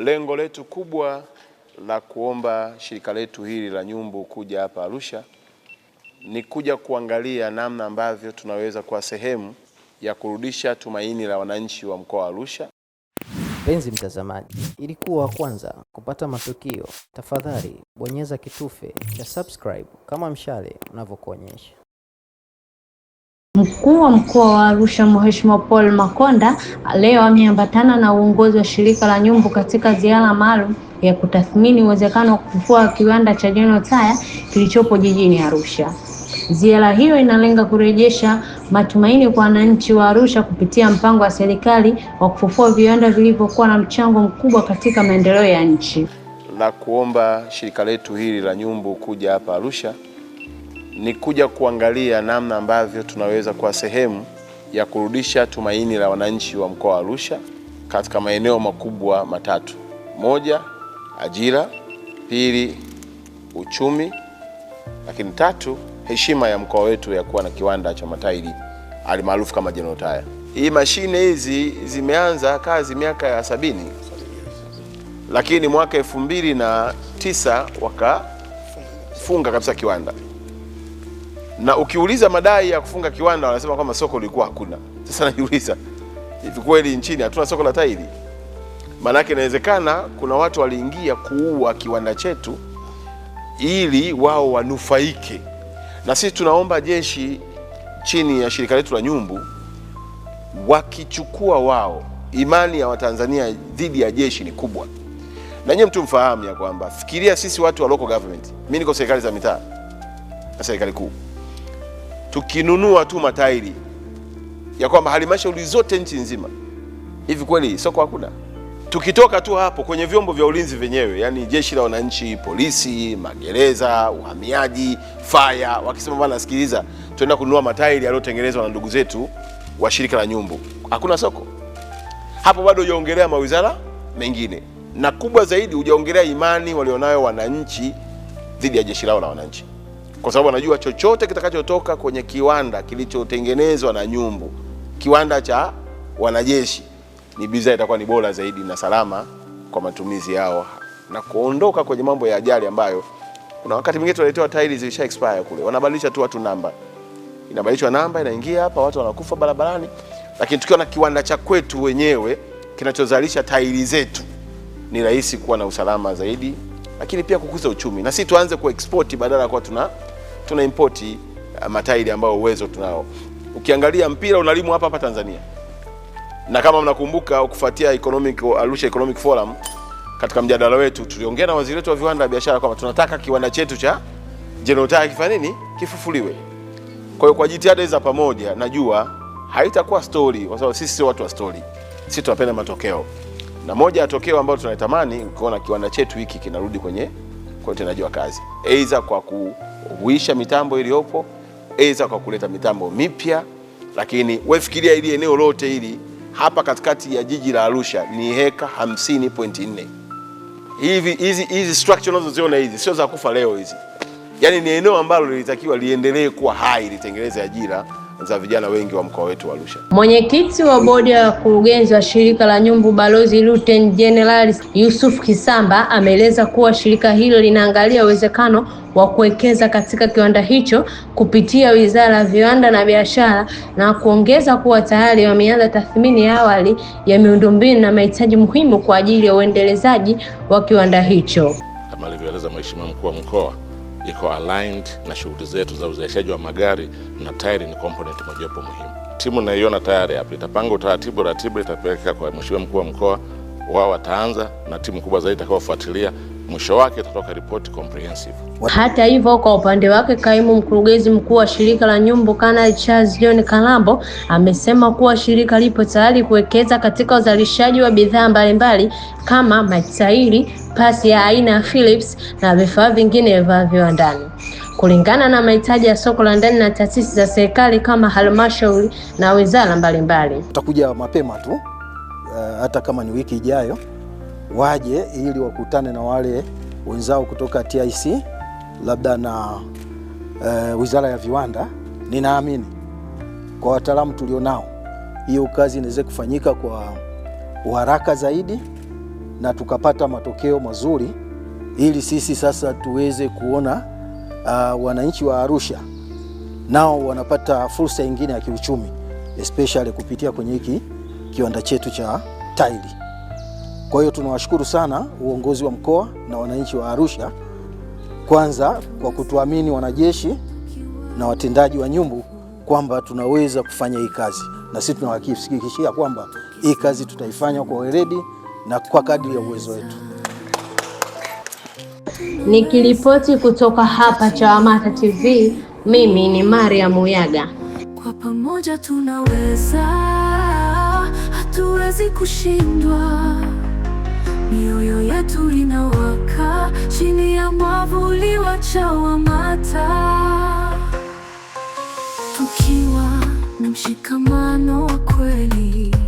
Lengo letu kubwa la kuomba shirika letu hili la Nyumbu kuja hapa Arusha ni kuja kuangalia namna ambavyo tunaweza kuwa sehemu ya kurudisha tumaini la wananchi wa mkoa wa Arusha. Mpenzi mtazamaji, ili kuwa wa kwanza kupata matukio, tafadhali bonyeza kitufe cha subscribe kama mshale unavyokuonyesha. Mkuu wa Mkoa wa Arusha Mheshimiwa Paul Makonda leo ameambatana na uongozi wa shirika la Nyumbu katika ziara maalum ya kutathmini uwezekano wa kufufua kiwanda cha General Tyre kilichopo jijini Arusha. Ziara hiyo inalenga kurejesha matumaini kwa wananchi wa Arusha kupitia mpango wa serikali wa kufufua viwanda vilivyokuwa na mchango mkubwa katika maendeleo ya nchi, na kuomba shirika letu hili la Nyumbu kuja hapa Arusha ni kuja kuangalia namna ambavyo tunaweza kuwa sehemu ya kurudisha tumaini la wananchi wa mkoa wa Arusha katika maeneo makubwa matatu: moja, ajira; pili, uchumi; lakini tatu, heshima ya mkoa wetu ya kuwa na kiwanda cha matairi alimaarufu kama General Tyre. Hii mashine hizi zimeanza kazi miaka ya sabini, lakini mwaka elfu mbili na tisa wakafunga kabisa kiwanda na ukiuliza madai ya kufunga kiwanda wanasema kwamba soko lilikuwa hakuna. Sasa najiuliza hivi, kweli nchini hatuna soko la tairi? Maanake inawezekana kuna watu waliingia kuua kiwanda chetu ili wao wanufaike, na sisi tunaomba jeshi chini ya shirika letu la Nyumbu wakichukua wao. Imani ya Watanzania dhidi ya jeshi ni kubwa, na nyie mtu mfahamu ya kwamba, fikiria sisi watu wa local government, mimi niko serikali za mitaa na serikali kuu tukinunua tu matairi ya kwamba halmashauri zote nchi nzima, hivi kweli soko hakuna? Tukitoka tu hapo kwenye vyombo vya ulinzi vyenyewe, yani jeshi la wananchi, polisi, magereza, uhamiaji, faya, wakisema bwana, sikiliza, tuenda kununua matairi yaliyotengenezwa na ndugu zetu wa shirika la Nyumbu, hakuna soko hapo. Bado hujaongelea mawizara mengine, na kubwa zaidi hujaongelea imani walionayo wananchi dhidi ya jeshi lao la wananchi kwa sababu anajua chochote kitakachotoka kwenye kiwanda kilichotengenezwa na nyumbu, kiwanda cha wanajeshi, ni bidhaa itakuwa ni bora zaidi na salama kwa matumizi yao, na kuondoka kwenye mambo ya ajali ambayo kuna wakati mwingine tunaletewa tairi zilisha expire kule, wanabadilisha tu watu namba, inabadilishwa namba, inaingia hapa, watu wanakufa barabarani. Lakini tukiwa na kiwanda cha kwetu wenyewe kinachozalisha tairi zetu, ni rahisi kuwa na usalama zaidi, lakini pia kukuza uchumi, na si tuanze kuexport badala ya kuwa tuna tuna impoti uh, matairi ambayo uwezo tunao. Ukiangalia mpira unalimwa hapa hapa Tanzania, na kama mnakumbuka kufuatia economic Arusha Economic Forum, katika mjadala wetu tuliongea na waziri wetu wa viwanda na biashara kwamba tunataka kiwanda chetu cha General Tyre kifanye nini, kifufuliwe. Kwa hiyo kwa jitihada za pamoja, najua haitakuwa story, kwa sababu sisi sio watu wa story, sisi tunapenda matokeo, na moja ya tokeo ambalo tunatamani kuona kiwanda chetu hiki kinarudi kwenye kwa utendaji wa kazi, aidha kwa kuhuisha mitambo iliyopo, aidha kwa kuleta mitambo mipya. Lakini wefikiria ili eneo lote hili hapa katikati ya jiji la Arusha ni heka 50.4. Hivi hizi hizi structure unazoziona hizi sio za kufa leo hizi, yaani ni eneo ambalo lilitakiwa liendelee kuwa hai, litengeneze ajira za vijana wengi wa mkoa wetu wa Arusha. Mwenyekiti wa bodi ya wakurugenzi wa shirika la Nyumbu Balozi Luten General Yusuf Kisamba ameeleza kuwa shirika hilo linaangalia uwezekano wa kuwekeza katika kiwanda hicho kupitia Wizara ya Viwanda na Biashara na kuongeza kuwa tayari wameanza tathmini ya awali ya miundombinu na mahitaji muhimu kwa ajili ya uendelezaji wa kiwanda hicho. Kama alivyoeleza Mheshimiwa Mkuu wa Mkoa iko aligned na shughuli zetu za uzalishaji wa magari, na tairi ni component mojawapo muhimu. Timu naiona tayari hapa, itapanga utaratibu, ratiba itapeleka kwa mheshimiwa mkuu wa mkoa, wao wataanza na timu kubwa zaidi itakayofuatilia mwisho wake itatoka report comprehensive. Hata hivyo, kwa upande wake kaimu mkurugenzi mkuu wa shirika la Nyumbu Kanali Charles John Kalambo amesema kuwa shirika lipo tayari kuwekeza katika uzalishaji wa bidhaa mbalimbali kama matairi, pasi ya aina ya Philips na vifaa vingine vya viwandani kulingana na mahitaji ya soko la ndani na taasisi za serikali kama halmashauri na wizara mbalimbali. Tutakuja mapema tu uh, hata kama ni wiki ijayo waje ili wakutane na wale wenzao kutoka TIC labda na e, Wizara ya Viwanda. Ninaamini kwa wataalamu tulionao hiyo kazi inaweza kufanyika kwa uharaka zaidi na tukapata matokeo mazuri, ili sisi sasa tuweze kuona uh, wananchi wa Arusha nao wanapata fursa nyingine ya kiuchumi especially kupitia kwenye hiki kiwanda chetu cha taili. Kwa hiyo tunawashukuru sana uongozi wa mkoa na wananchi wa Arusha, kwanza kwa kutuamini wanajeshi na watendaji wa nyumbu kwamba tunaweza kufanya hii kazi, na sisi tunawahakikishia kwamba hii kazi tutaifanya kwa weledi na kwa kadri ya uwezo wetu. Nikiripoti kutoka hapa CHAWAMATA TV, mimi ni maria Muyaga. Kwa pamoja tunaweza, hatuwezi kushindwa mioyo yetu inawaka chini ya mwavuli wa CHAWAMATA, tukiwa na mshikamano wa kweli.